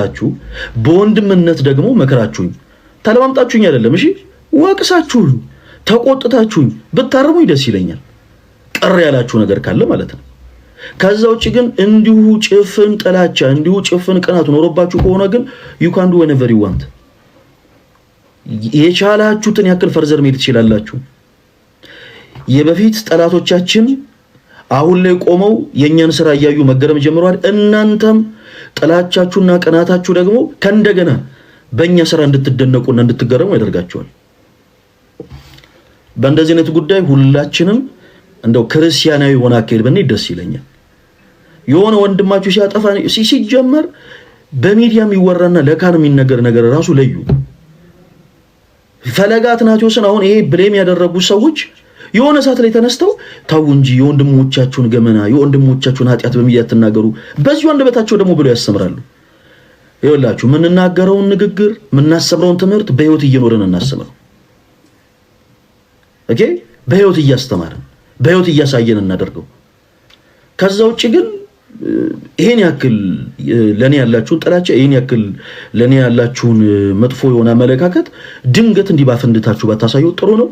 ራችሁ በወንድምነት ደግሞ መከራችሁኝ። ተለማምጣችሁኝ አይደለም እሺ፣ ወቅሳችሁኝ፣ ተቆጥታችሁኝ ብታርሙኝ ደስ ይለኛል። ቅር ያላችሁ ነገር ካለ ማለት ነው። ከዛ ውጭ ግን እንዲሁ ጭፍን ጥላቻ፣ እንዲሁ ጭፍን ቅናት ኖሮባችሁ ከሆነ ግን ዩ ካን ዱ ዩ ዋንት። የቻላችሁትን ያክል ፈርዘር መሄድ ትችላላችሁ። የበፊት ጠላቶቻችን አሁን ላይ ቆመው የእኛን ስራ እያዩ መገረም ጀምረዋል። እናንተም ጥላቻችሁና ቅናታችሁ ደግሞ ከእንደገና በእኛ ስራ እንድትደነቁና እንድትገረሙ ያደርጋቸዋል። በእንደዚህ አይነት ጉዳይ ሁላችንም እንደው ክርስቲያናዊ የሆነ አካሄድ በኔ ደስ ይለኛል። የሆነ ወንድማችሁ ሲያጠፋ ሲጀመር በሚዲያ የሚወራና ለካን የሚነገር ነገር ራሱ ለዩ። ፈለጋ አትናቴዎስን አሁን ይሄ ብሌም ያደረጉ ሰዎች የሆነ ሰዓት ላይ ተነስተው ተው እንጂ የወንድሞቻችሁን ገመና የወንድሞቻችሁን ኃጢአት በሚዲያ ትናገሩ በዚሁ አንደበታቸው ደግሞ ብለው ያስተምራሉ። ይኸውላችሁ የምንናገረውን ንግግር የምናስተምረውን ትምህርት በህይወት እየኖረን እናስተምረው። ኦኬ በህይወት እያስተማርን በህይወት እያሳየን እናደርገው። ከዛ ውጭ ግን ይሄን ያክል ለእኔ ያላችሁን ጥላቻ፣ ይሄን ያክል ለእኔ ያላችሁን መጥፎ የሆነ አመለካከት ድንገት እንዲህ ባፈንድታችሁ ባታሳየው ጥሩ ነው።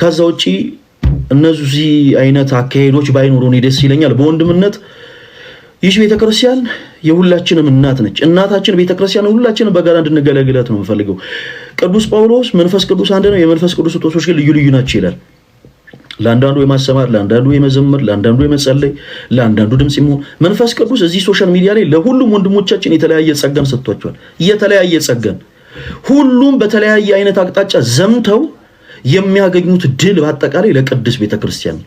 ከዛ ውጪ እነዚህ አይነት አካሄዶች ባይኖሩ እኔ ደስ ይለኛል። በወንድምነት ይህች ቤተክርስቲያን የሁላችንም እናት ነች። እናታችን ቤተክርስቲያን ሁላችን በጋራ እንድንገለግለት ነው የምፈልገው። ቅዱስ ጳውሎስ መንፈስ ቅዱስ አንድ ነው፣ የመንፈስ ቅዱስ ስጦቶች ግን ልዩ ልዩ ናቸው ይላል። ለአንዳንዱ የማሰማር፣ ለአንዳንዱ የመዘመር፣ ለአንዳንዱ የመጸለይ፣ ለአንዳንዱ ድምፅ የሚሆን መንፈስ ቅዱስ እዚህ ሶሻል ሚዲያ ላይ ለሁሉም ወንድሞቻችን የተለያየ ጸጋን ሰጥቷቸዋል። የተለያየ ጸጋን ሁሉም በተለያየ አይነት አቅጣጫ ዘምተው የሚያገኙት ድል በአጠቃላይ ለቅድስት ቤተ ክርስቲያን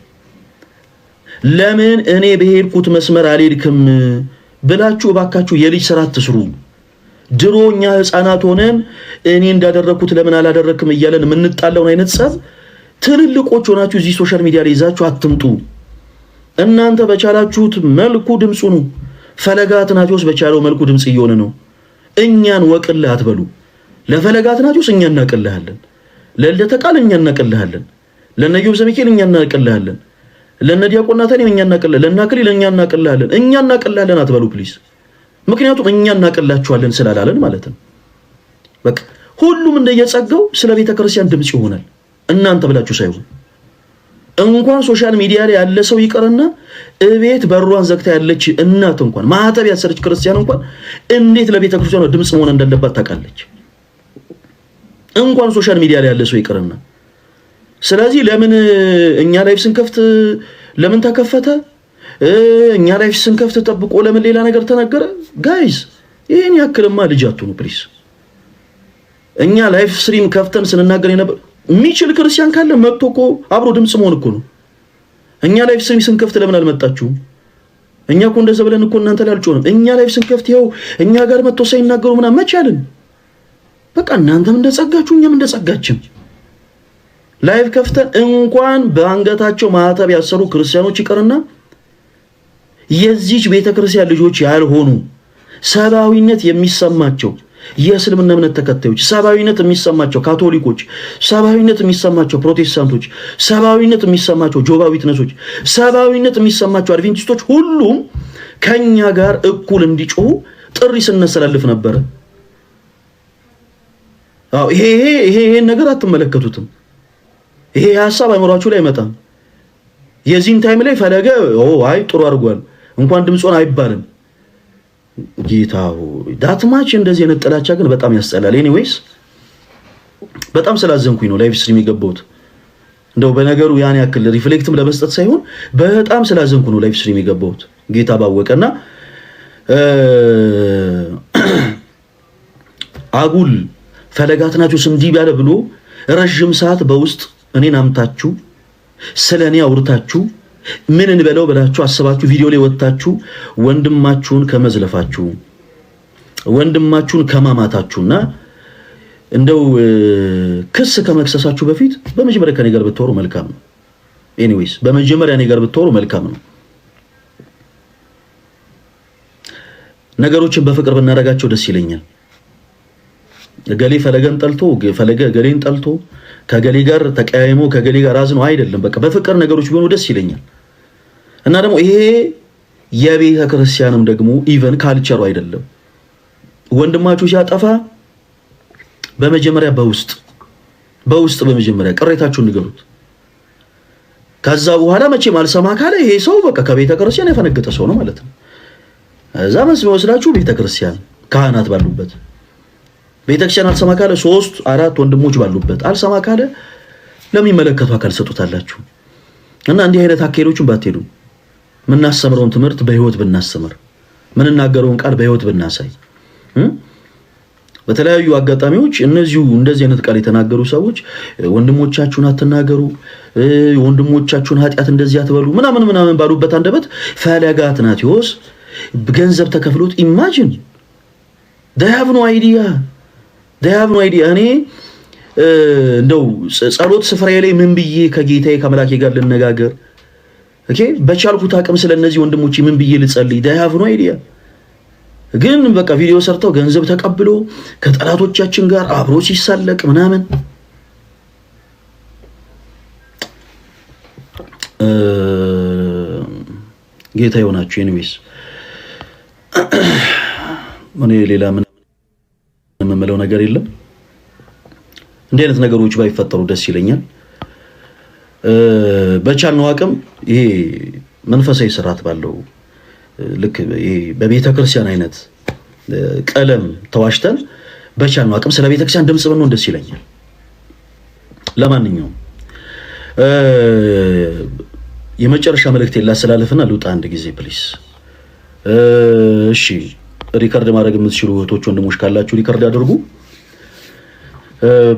ለምን እኔ በሄድኩት መስመር አልሄድክም ብላችሁ እባካችሁ የልጅ ስራ አትስሩ። ድሮ እኛ ህፃናት ሆነን እኔ እንዳደረግኩት ለምን አላደረግክም እያለን የምንጣለውን አይነት ጸብ ትልልቆች ሆናችሁ እዚህ ሶሻል ሚዲያ ላይ ይዛችሁ አትምጡ። እናንተ በቻላችሁት መልኩ ድምፁ ነው። ፈለገ አትናትዮስ በቻለው መልኩ ድምፅ እየሆነ ነው። እኛን ወቅልህ አትበሉ። ለፈለገ አትናትዮስ እኛ እናቅልሃለን። ለልደተ ቃል እኛ እናቀልሃለን። ለነ ዮብ ዘሚካኤል እኛ እናቀልሃለን። ለነ ዲያቆን እኛ እናቀልሃለን። ለነ አክሊል እኛ እናቀልሃለን። እኛ እናቀልሃለን አትበሉ ፕሊዝ። ምክንያቱም እኛ እናቀላችኋለን ስላላለን ማለት ነው። በቃ ሁሉም እንደየጸጋው ስለ ቤተ ክርስቲያን ይሆናል፣ እናንተ ብላችሁ ሳይሆን። እንኳን ሶሻል ሚዲያ ላይ ያለ ሰው ይቀርና እቤት በሯን ዘግታ ያለች እናት እንኳን ማህተብ ያሰረች ክርስቲያን እንኳን እንዴት ለቤተ ክርስቲያኗ መሆን እንዳለባት ታውቃለች። እንኳን ሶሻል ሚዲያ ላይ ያለ ሰው ይቅርና። ስለዚህ ለምን እኛ ላይፍ ስንከፍት ለምን ተከፈተ? እኛ ላይፍ ስንከፍት ጠብቆ ለምን ሌላ ነገር ተነገረ? ጋይዝ ይህን ያክልማ ልጅ አትሁኑ ፕሊስ። እኛ ላይፍ ስትሪም ከፍተን ስንናገር የነበር የሚችል ክርስቲያን ካለ መጥቶ እኮ አብሮ ድምፅ መሆን እኮ ነው። እኛ ላይፍ ስትሪም ስንከፍት ለምን አልመጣችሁም? እኛ እኮ እንደዛ ብለን እኮ እናንተ ላይ አልጮንም። እኛ ላይፍ ስንከፍት ይኸው እኛ ጋር መጥቶ ሳይናገሩ ምናምን መቻልን በቃ እናንተም እንደጸጋችሁ እኛም እንደጸጋችን ላይፍ ከፍተን እንኳን በአንገታቸው ማዕተብ ያሰሩ ክርስቲያኖች ይቀርና የዚች ቤተ ክርስቲያን ልጆች ያልሆኑ ሰብአዊነት የሚሰማቸው የእስልምና እምነት ተከታዮች፣ ሰብአዊነት የሚሰማቸው ካቶሊኮች፣ ሰብአዊነት የሚሰማቸው ፕሮቴስታንቶች፣ ሰብአዊነት የሚሰማቸው ጆባ ዊትነሶች፣ ሰብአዊነት የሚሰማቸው አድቬንቲስቶች ሁሉም ከእኛ ጋር እኩል እንዲጮሁ ጥሪ ስናስተላልፍ ነበረ። ይሄ ይሄን ነገር አትመለከቱትም። ይሄ ሀሳብ አይምሯችሁ ላይ አይመጣም። የዚህን ታይም ላይ ፈለገ አይ ጥሩ አድርጓል እንኳን ድምፆን አይባልም። ጌታው ዳትማች እንደዚህ አይነት ጥላቻ ግን በጣም ያስጠላል። ኤኒዌይስ በጣም ስላዘንኩኝ ነው ላይቭ ስትሪም የገባሁት። እንደው በነገሩ ያን ያክል ሪፍሌክትም ለመስጠት ሳይሆን በጣም ስላዘንኩ ነው ላይቭ ስትሪም የገባሁት። ጌታ ባወቀና አጉል ፈለጋት ናቸሁ እንዲህ ቢያለ ብሎ ረዥም ሰዓት በውስጥ እኔን አምታችሁ ስለ እኔ አውርታችሁ ምን እንበለው ብላችሁ አስባችሁ ቪዲዮ ላይ ወጥታችሁ ወንድማችሁን ከመዝለፋችሁ ወንድማችሁን ከማማታችሁና እንደው ክስ ከመክሰሳችሁ በፊት በመጀመሪያ ከኔ ጋር ብትወሩ መልካም ነው። ኤኒዌይስ በመጀመሪያ እኔ ጋር ብታወሩ መልካም ነው። ነገሮችን በፍቅር ብናደርጋቸው ደስ ይለኛል። ገሌ ፈለገን ጠልቶ ፈለገ ገሌን ጠልቶ ከገሌ ጋር ተቀያይሞ ከገሌ ጋር አዝኖ አይደለም። በቃ በፍቅር ነገሮች ቢሆኑ ደስ ይለኛል። እና ደግሞ ይሄ የቤተ ክርስቲያንም ደግሞ ኢቨን ካልቸሩ አይደለም። ወንድማችሁ ሲያጠፋ በመጀመሪያ በውስጥ በውስጥ በመጀመሪያ ቅሬታችሁን ንገሩት። ከዛ በኋላ መቼም አልሰማ ካለ ይሄ ሰው በቃ ከቤተ ክርስቲያን ያፈነገጠ ሰው ነው ማለት ነው። እዛ መስሎ ወስዳችሁ ቤተ ክርስቲያን ካህናት ባሉበት ቤተክርስቲያን አልሰማ ካለ ሶስት አራት ወንድሞች ባሉበት አልሰማ ካለ ለሚመለከቱ አካል ሰጡታላችሁ እና እንዲህ አይነት አካሄዶችን ባትሄዱ የምናስተምረውን ትምህርት በህይወት ብናስተምር ምንናገረውን ቃል በህይወት ብናሳይ በተለያዩ አጋጣሚዎች እነዚሁ እንደዚህ አይነት ቃል የተናገሩ ሰዎች ወንድሞቻችሁን አትናገሩ፣ ወንድሞቻችሁን ኃጢአት እንደዚህ አትበሉ ምናምን ምናምን ባሉበት አንደበት ፈለገ አትናትዮስ ገንዘብ ተከፍሎት ኢማጂን ዳይ አይዲያ ሀብ ነው አይዲያ እኔ እንደው ጸሎት ስፍራዬ ላይ ምን ብዬ ከጌታዬ ከመላኬ ጋር ልነጋገር፣ በቻልኩት አቅም ስለ እነዚህ ወንድሞቼ ምን ብዬ ልጸልይ፣ ሀብ ነው አይዲያ ግን በቃ ቪዲዮ ሰርተው ገንዘብ ተቀብሎ ከጠላቶቻችን ጋር አብሮ ሲሳለቅ ምናምን ጌታ ይሆናችሁ። ኤኒዌይስ እኔ ሌላ ነገር የለም። እንዲህ አይነት ነገሮች ባይፈጠሩ ደስ ይለኛል። በቻልነው አቅም ይሄ መንፈሳዊ ስርዓት ባለው ልክ በቤተ ክርስቲያን አይነት ቀለም ተዋሽተን በቻልነው አቅም ስለ ቤተ ክርስቲያን ድምፅ ብንሆን ደስ ይለኛል። ለማንኛውም የመጨረሻ መልእክት ላስተላልፍና ልውጣ አንድ ጊዜ ፕሊስ። እሺ ሪከርድ ማድረግ የምትችሉ እህቶች ወንድሞች ካላችሁ ሪከርድ አድርጉ።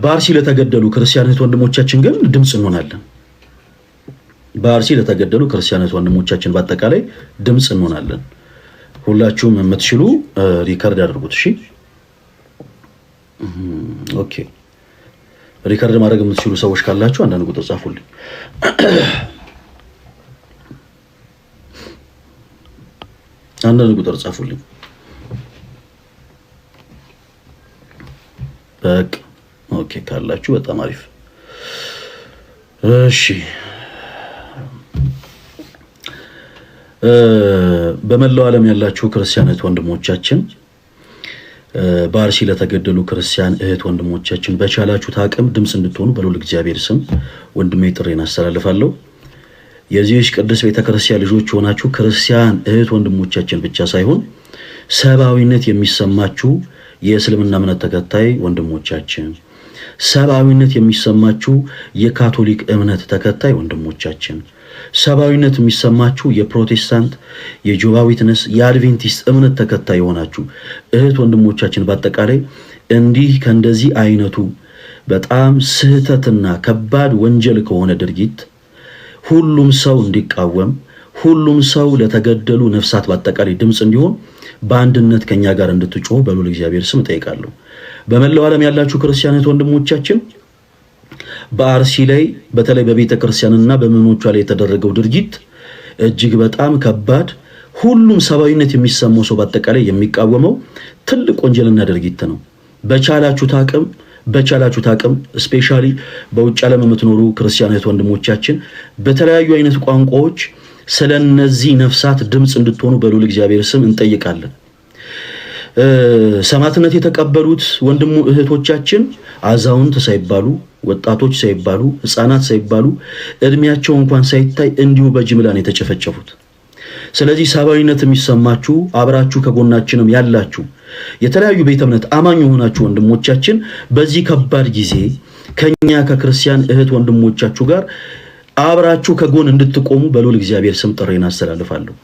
በአርሲ ለተገደሉ ክርስቲያን እህት ወንድሞቻችን ግን ድምፅ እንሆናለን። በአርሲ ለተገደሉ ክርስቲያን እህት ወንድሞቻችን በአጠቃላይ ድምፅ እንሆናለን። ሁላችሁም የምትችሉ ሪከርድ አድርጉት። እሺ፣ ኦኬ። ሪከርድ ማድረግ የምትችሉ ሰዎች ካላችሁ አንዳንድ ቁጥር ጻፉልኝ። አንዳንድ ቁጥር ጻፉልኝ። በቅ ኦኬ ካላችሁ በጣም አሪፍ። እሺ በመላው ዓለም ያላችሁ ክርስቲያን እህት ወንድሞቻችን በአርሲ ለተገደሉ ክርስቲያን እህት ወንድሞቻችን በቻላችሁት አቅም ድምፅ እንድትሆኑ በልዑል እግዚአብሔር ስም ወንድሜ ጥሬን አስተላልፋለሁ። የዚህች ቅድስት ቤተክርስቲያን ልጆች የሆናችሁ ክርስቲያን እህት ወንድሞቻችን ብቻ ሳይሆን ሰብአዊነት የሚሰማችሁ የእስልምና እምነት ተከታይ ወንድሞቻችን፣ ሰብአዊነት የሚሰማችሁ የካቶሊክ እምነት ተከታይ ወንድሞቻችን፣ ሰብአዊነት የሚሰማችሁ የፕሮቴስታንት፣ የጆባ ዊትነስ፣ የአድቬንቲስት እምነት ተከታይ የሆናችሁ እህት ወንድሞቻችን በአጠቃላይ እንዲህ ከእንደዚህ አይነቱ በጣም ስህተትና ከባድ ወንጀል ከሆነ ድርጊት ሁሉም ሰው እንዲቃወም ሁሉም ሰው ለተገደሉ ነፍሳት በአጠቃላይ ድምፅ እንዲሆን በአንድነት ከኛ ጋር እንድትጮሁ በሉል እግዚአብሔር ስም እጠይቃለሁ። በመላው ዓለም ያላችሁ ክርስቲያነት ወንድሞቻችን በአርሲ ላይ በተለይ በቤተ ክርስቲያንና በምኖቿ ላይ የተደረገው ድርጊት እጅግ በጣም ከባድ ሁሉም ሰብአዊነት የሚሰማው ሰው በአጠቃላይ የሚቃወመው ትልቅ ወንጀልና ድርጊት ነው። በቻላችሁት አቅም በቻላችሁት አቅም ስፔሻሊ በውጭ ዓለም የምትኖሩ ክርስቲያነት ወንድሞቻችን በተለያዩ አይነት ቋንቋዎች ስለ እነዚህ ነፍሳት ድምፅ እንድትሆኑ በልዑል እግዚአብሔር ስም እንጠይቃለን። ሰማዕትነት የተቀበሉት ወንድሙ እህቶቻችን አዛውንት ሳይባሉ ወጣቶች ሳይባሉ ህፃናት ሳይባሉ እድሜያቸው እንኳን ሳይታይ እንዲሁ በጅምላ ነው የተጨፈጨፉት። ስለዚህ ሰብአዊነት የሚሰማችሁ አብራችሁ ከጎናችንም ያላችሁ የተለያዩ ቤተ እምነት አማኝ የሆናችሁ ወንድሞቻችን በዚህ ከባድ ጊዜ ከኛ ከክርስቲያን እህት ወንድሞቻችሁ ጋር አብራችሁ ከጎን እንድትቆሙ በልዑል እግዚአብሔር ስም ጥሪን አስተላልፋለሁ።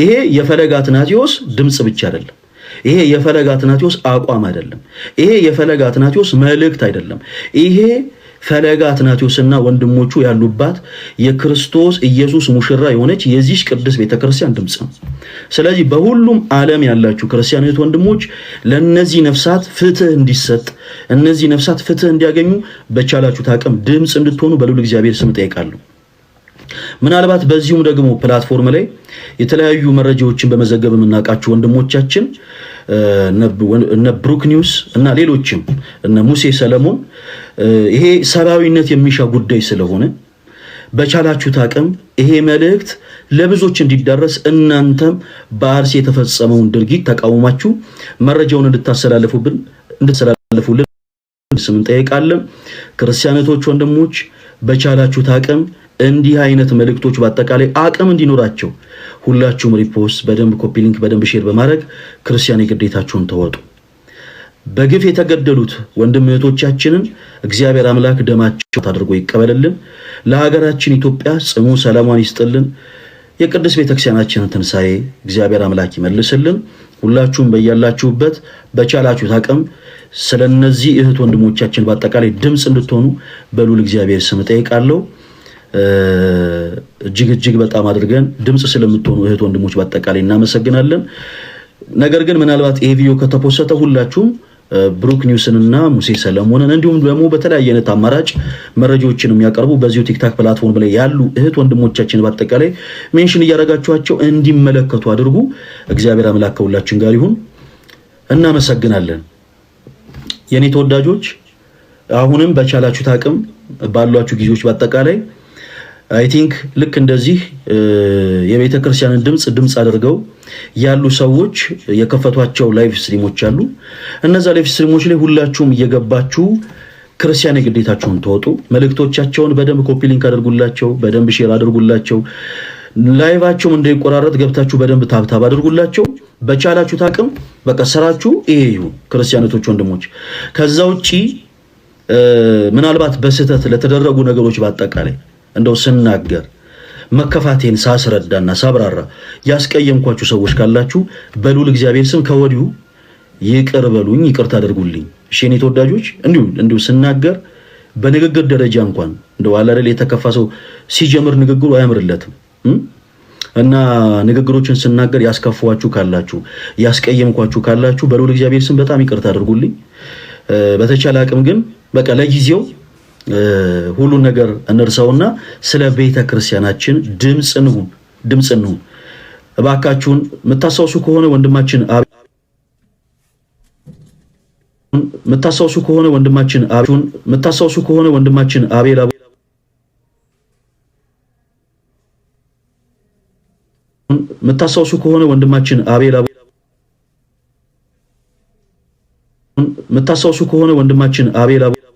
ይሄ የፈለገ አትናቴዎስ ድምፅ ብቻ አይደለም። ይሄ የፈለገ አትናቴዎስ አቋም አይደለም። ይሄ የፈለገ አትናቴዎስ መልእክት አይደለም። ይሄ ፈለገ አትናቴዎስና ወንድሞቹ ያሉባት የክርስቶስ ኢየሱስ ሙሽራ የሆነች የዚች ቅድስት ቤተክርስቲያን ድምፅ ነው። ስለዚህ በሁሉም ዓለም ያላችሁ ክርስቲያኖች ወንድሞች ለእነዚህ ነፍሳት ፍትህ እንዲሰጥ እነዚህ ነፍሳት ፍትህ እንዲያገኙ በቻላችሁት አቅም ድምፅ እንድትሆኑ በልዑል እግዚአብሔር ስም ጠይቃለሁ። ምናልባት በዚሁም ደግሞ ፕላትፎርም ላይ የተለያዩ መረጃዎችን በመዘገብ የምናውቃችሁ ወንድሞቻችን እነ ብሩክ ኒውስ እና ሌሎችም እነ ሙሴ ሰለሞን ይሄ ሰብአዊነት የሚሻ ጉዳይ ስለሆነ በቻላችሁት አቅም ይሄ መልእክት ለብዙዎች እንዲዳረስ እናንተም በአርሲ የተፈጸመውን ድርጊት ተቃውማችሁ መረጃውን እንድታስተላልፉብን እንድትስተላልፉልን ስም እንጠይቃለን። ክርስቲያኖቶች፣ ወንድሞች በቻላችሁት አቅም እንዲህ አይነት መልእክቶች በአጠቃላይ አቅም እንዲኖራቸው ሁላችሁም ሪፖስት በደንብ ኮፒ ሊንክ በደንብ ሼር በማድረግ ክርስቲያን የግዴታችሁን ተወጡ። በግፍ የተገደሉት ወንድም እህቶቻችንን እግዚአብሔር አምላክ ደማቸው ታድርጎ ይቀበልልን። ለሀገራችን ኢትዮጵያ ጽሙ ሰላሟን ይስጥልን። የቅድስት ቤተክርስቲያናችንን ትንሣኤ እግዚአብሔር አምላክ ይመልስልን። ሁላችሁም በያላችሁበት በቻላችሁት አቅም ስለነዚህ እህት ወንድሞቻችን በአጠቃላይ ድምፅ እንድትሆኑ በሉል እግዚአብሔር ስም እጠይቃለሁ። እጅግ እጅግ በጣም አድርገን ድምፅ ስለምትሆኑ እህት ወንድሞች በአጠቃላይ እናመሰግናለን። ነገር ግን ምናልባት ይሄ ቪዲዮ ከተፖሰተ ሁላችሁም ብሩክ ኒውስንና ሙሴ ሰለሞንን እንዲሁም ደግሞ በተለያየ አይነት አማራጭ መረጃዎችን የሚያቀርቡ በዚሁ ቲክታክ ፕላትፎርም ላይ ያሉ እህት ወንድሞቻችን በአጠቃላይ ሜንሽን እያደረጋችኋቸው እንዲመለከቱ አድርጉ። እግዚአብሔር አምላክ ከሁላችን ጋር ይሁን። እናመሰግናለን። የእኔ ተወዳጆች አሁንም በቻላችሁት አቅም ባሏችሁ ጊዜዎች በአጠቃላይ አይ ቲንክ ልክ እንደዚህ የቤተ ክርስቲያንን ድምፅ ድምፅ አድርገው ያሉ ሰዎች የከፈቷቸው ላይቭ ስትሪሞች አሉ። እነዛ ላይቭ ስትሪሞች ላይ ሁላችሁም እየገባችሁ ክርስቲያን የግዴታችሁን ተወጡ። መልእክቶቻቸውን በደንብ ኮፒ ሊንክ አድርጉላቸው፣ በደንብ ሼር አድርጉላቸው። ላይቫቸውም እንዳይቆራረጥ ገብታችሁ በደንብ ታብታብ አድርጉላቸው። በቻላችሁ ታቅም በቃ ስራችሁ ይሄ ይሁን፣ ክርስቲያኖቶች ወንድሞች። ከዛ ውጪ ምናልባት በስህተት ለተደረጉ ነገሮች በአጠቃላይ እንደው ስናገር መከፋቴን ሳስረዳና ሳብራራ ያስቀየምኳችሁ ሰዎች ካላችሁ በሉል እግዚአብሔር ስም ከወዲሁ ይቅር በሉኝ፣ ይቅርታ አድርጉልኝ። እሺ የኔ ተወዳጆች፣ እንዲሁ እንዲሁ ስናገር በንግግር ደረጃ እንኳን እንደው አላደል የተከፋ ሰው ሲጀምር ንግግሩ አያምርለትም እና ንግግሮችን ስናገር ያስከፋችሁ ካላችሁ ያስቀየምኳችሁ ካላችሁ በልዑል እግዚአብሔር ስም በጣም ይቅርታ አድርጉልኝ። በተቻለ አቅም ግን በቃ ለጊዜው ሁሉ ነገር እንርሰውና ስለ ቤተ ክርስቲያናችን ድምፅ እንሁን፣ ድምፅ እንሁን። እባካችሁን የምታስታውሱ ከሆነ ወንድማችን የምታስታውሱ ከሆነ ወንድማችን አቤል የምታስታውሱ ከሆነ ወንድማችን አቤል የምታስታውሱ ከሆነ ወንድማችን አቤል የምታስታውሱ ከሆነ ወንድማችን አቤል